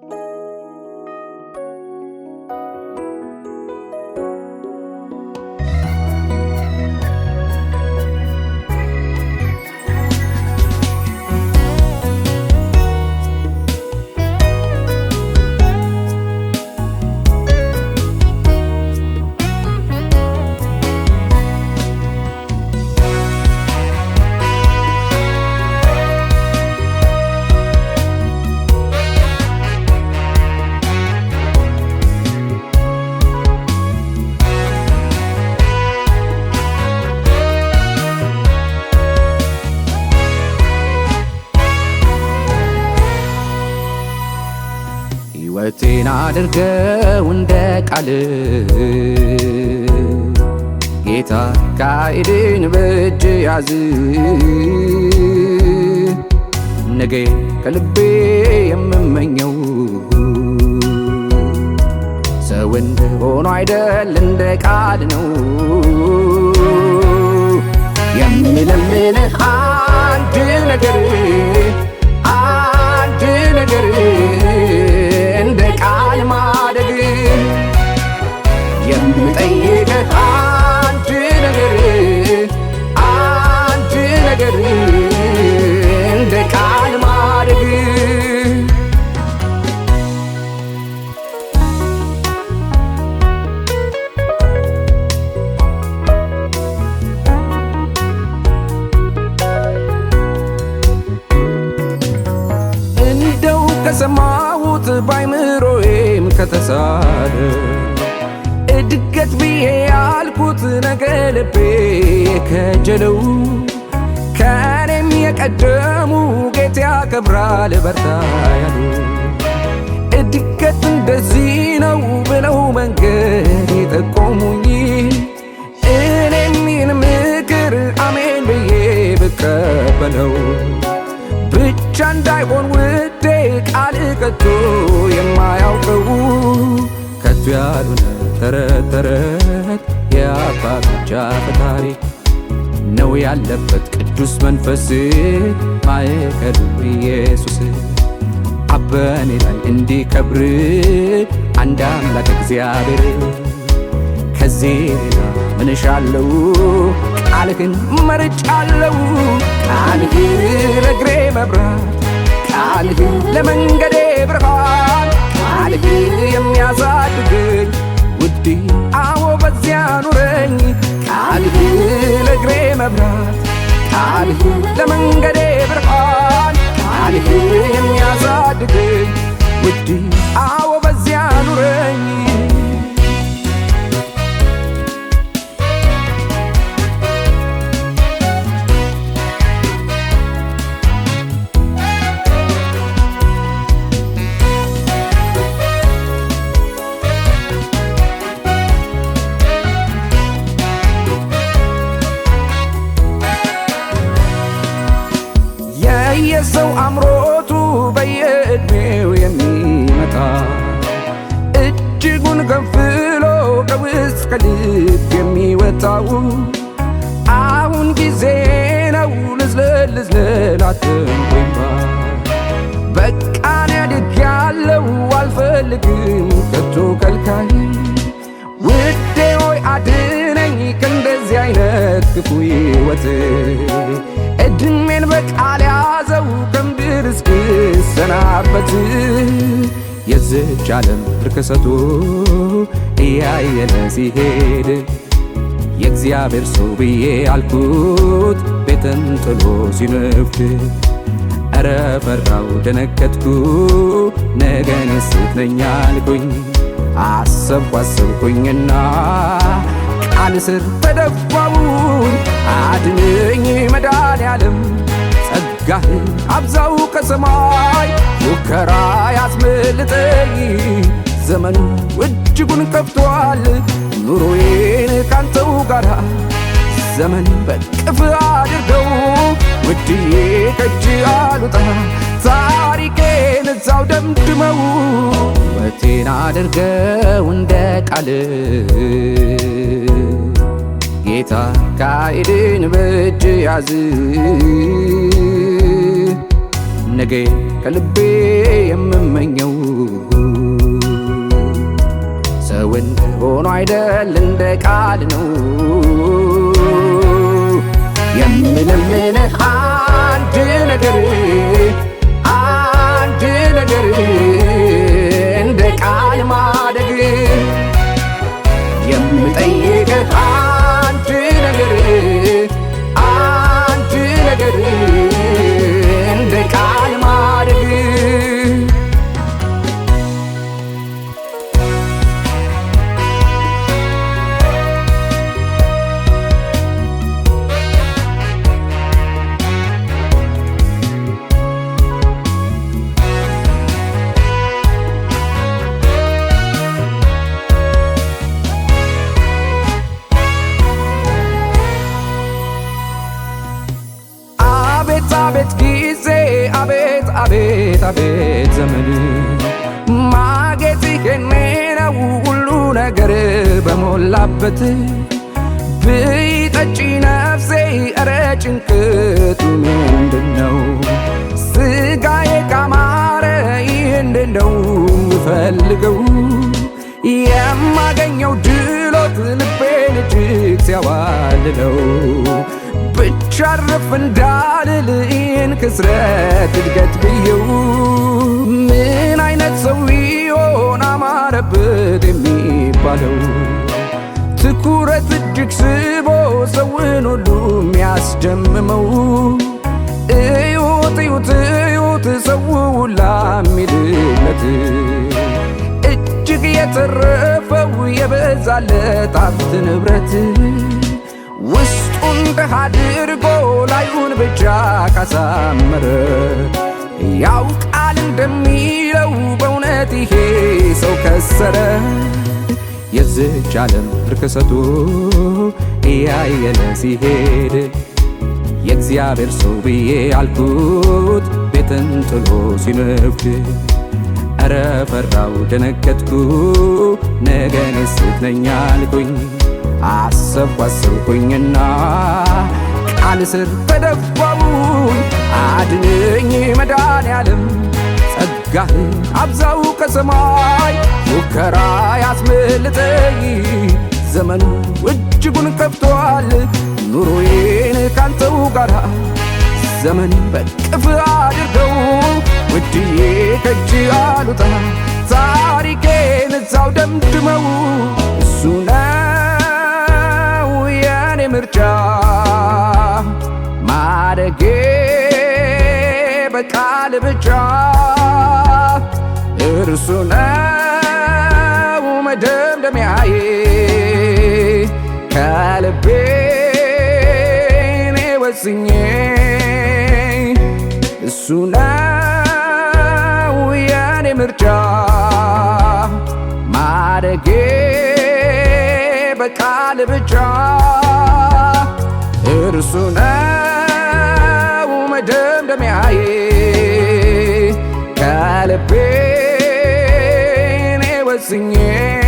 Thank you. ሕይወቴን አድርገው እንደ ቃል ጌታ ካይድን በእጅ ያዝ ነገ ከልቤ የምመኘው ሰው እንደሆኖ አይደል እንደ ቃል ነው የምለምንህ አንድ ነገር ከሰማሁት ባይምሮዬም ከተሳለ እድገት ብዬ ያልኩት ነገር ልቤ የከጀለው ከኔም የቀደሙ ጌታ ያከብራል በርታ ያሉ እድገት እንደዚህ ነው ብለው መንገድ የጠቆሙኝ እኔም ይህን ምክር አሜን ብዬ ብቀበለው ብቻ እንዳይሆን ውዴ ቃል ከቶ የማያውቀው ከቱ ያሉነ ተረት ተረት የአባት ብቻ ፈጣሪ ነው ያለበት ቅዱስ መንፈስ ማዕከሉ ኢየሱስ አበኔ ላይ እንዲከብር አንድ አምላክ እግዚአብሔር ከዚህ ሌላ ምንሻለው ቃልህን መርጫለው ቃልህ ለእግሬ መብራት ቃልህ ለመንገዴ ብርሃን ቃልህ የሚያሳድገኝ ውዴ አዎ በዚያ ኑረኝ ቃልህ ለእግሬ መብራት ቃልህ ለመንገዴ ብርሃን ቃልህ የሚያሳድገኝ ውድ አዎ በዚያ ኑረኝ ልዝለል አትንኩኝባ በቃን ያድጋለው አልፈልግም ከቶ ከልካይ ውዴ ሆይ አድነኝ ከእንደዚህ አይነት ክፉ ሕይወት እድሜን በቃል ያዘው ከምድር እስክሰናበት የዝች ዓለም ርክሰቱ እያየነ ሲሄድ የእግዚአብሔር ሰው ብዬ አልኩት ቤትን ጥሎ ሲነፍድ እረ ፈራው ደነከትኩ ነገን ሴት ነኝ አልኩኝ አሰብኩ አሰብኩኝና ቃል ስር ተደፋውን አድነኝ መድኃኔዓለም ጸጋህ አብዛው ከሰማይ ሙከራ ያስመልጠኝ ዘመኑ እጅጉን ከብቷል ኑሮዬ ጋራ ዘመን በቅፍ አድርገው ውድዬ ከጅ አሉጣ ታሪኬን እዛው ደምድመው ወቴን አድርገው እንደ ቃል ጌታ ካይድን በእጅ ያዝ ነገ ከልቤ የምመኘው ወንድ ሆኖ አይደል እንደ ቃል ነው የምለምንህ አንድ ነገር አቤት አቤት ዘመን ማጌጥ የኔ ሁሉ ነገር በሞላበት ብይ ጠጪ ነፍሴ እረ ጭንቅቱ ምንድን ነው ስጋዬ ካማረ ይህንድን ነው እፈልገው የማገኘው ድሎት ልቤን እጅግ ሲያዋልለው ሻርፍ እንዳልል ይህን ክስረት እድገት ብየው! ምን አይነት ሰው ይሆን አማረበት የሚባለው ትኩረት እጅግ ስቦ ሰውን ሁሉ የሚያስደምመው እዩት እዩት እዩት ሰው ውላ የሚልለት እጅግ የተረፈው የበዛለት ሀብት ንብረት ፊቱን አድርጎ ላዩን ብቻ ካሳመረ ያው ቃል እንደሚለው በእውነት ይሄ ሰው ከሰረ። የዝች ዓለም ርክሰቱ እያየለ ሲሄድ የእግዚአብሔር ሰው ብዬ አልኩት ቤትን ጥሎ ሲንብድ እረ ፈራው ደነገጥኩ ነገን ስትነኛ አልኩኝ አሰብኩ አሰብኩኝና ቃል ስር ተደፋሁኝ። አድነኝ መድኃኔዓለም ጸጋህ አብዛው ከሰማይ ሙከራ ያስመልጠኝ ዘመኑ እጅጉን ከብቶአል ኑሮዬን ካንተው ጋራ ዘመን በቅፍ አድርገው ውድዬ ከእጅ አሉጣ ታሪኬን እዛው ደምድመው እሱ ነው። ምርጫ ማደጌ በቃል ብቻ እርሱ ነው መደምደሚያዬ ከልቤ እኔ ወስኜ እሱ ነው የኔ ምርጫ ማደጌ በቃል ብቻ እርሱ ነው መደምደሚያዬ ከልቤ እኔ ወስኜ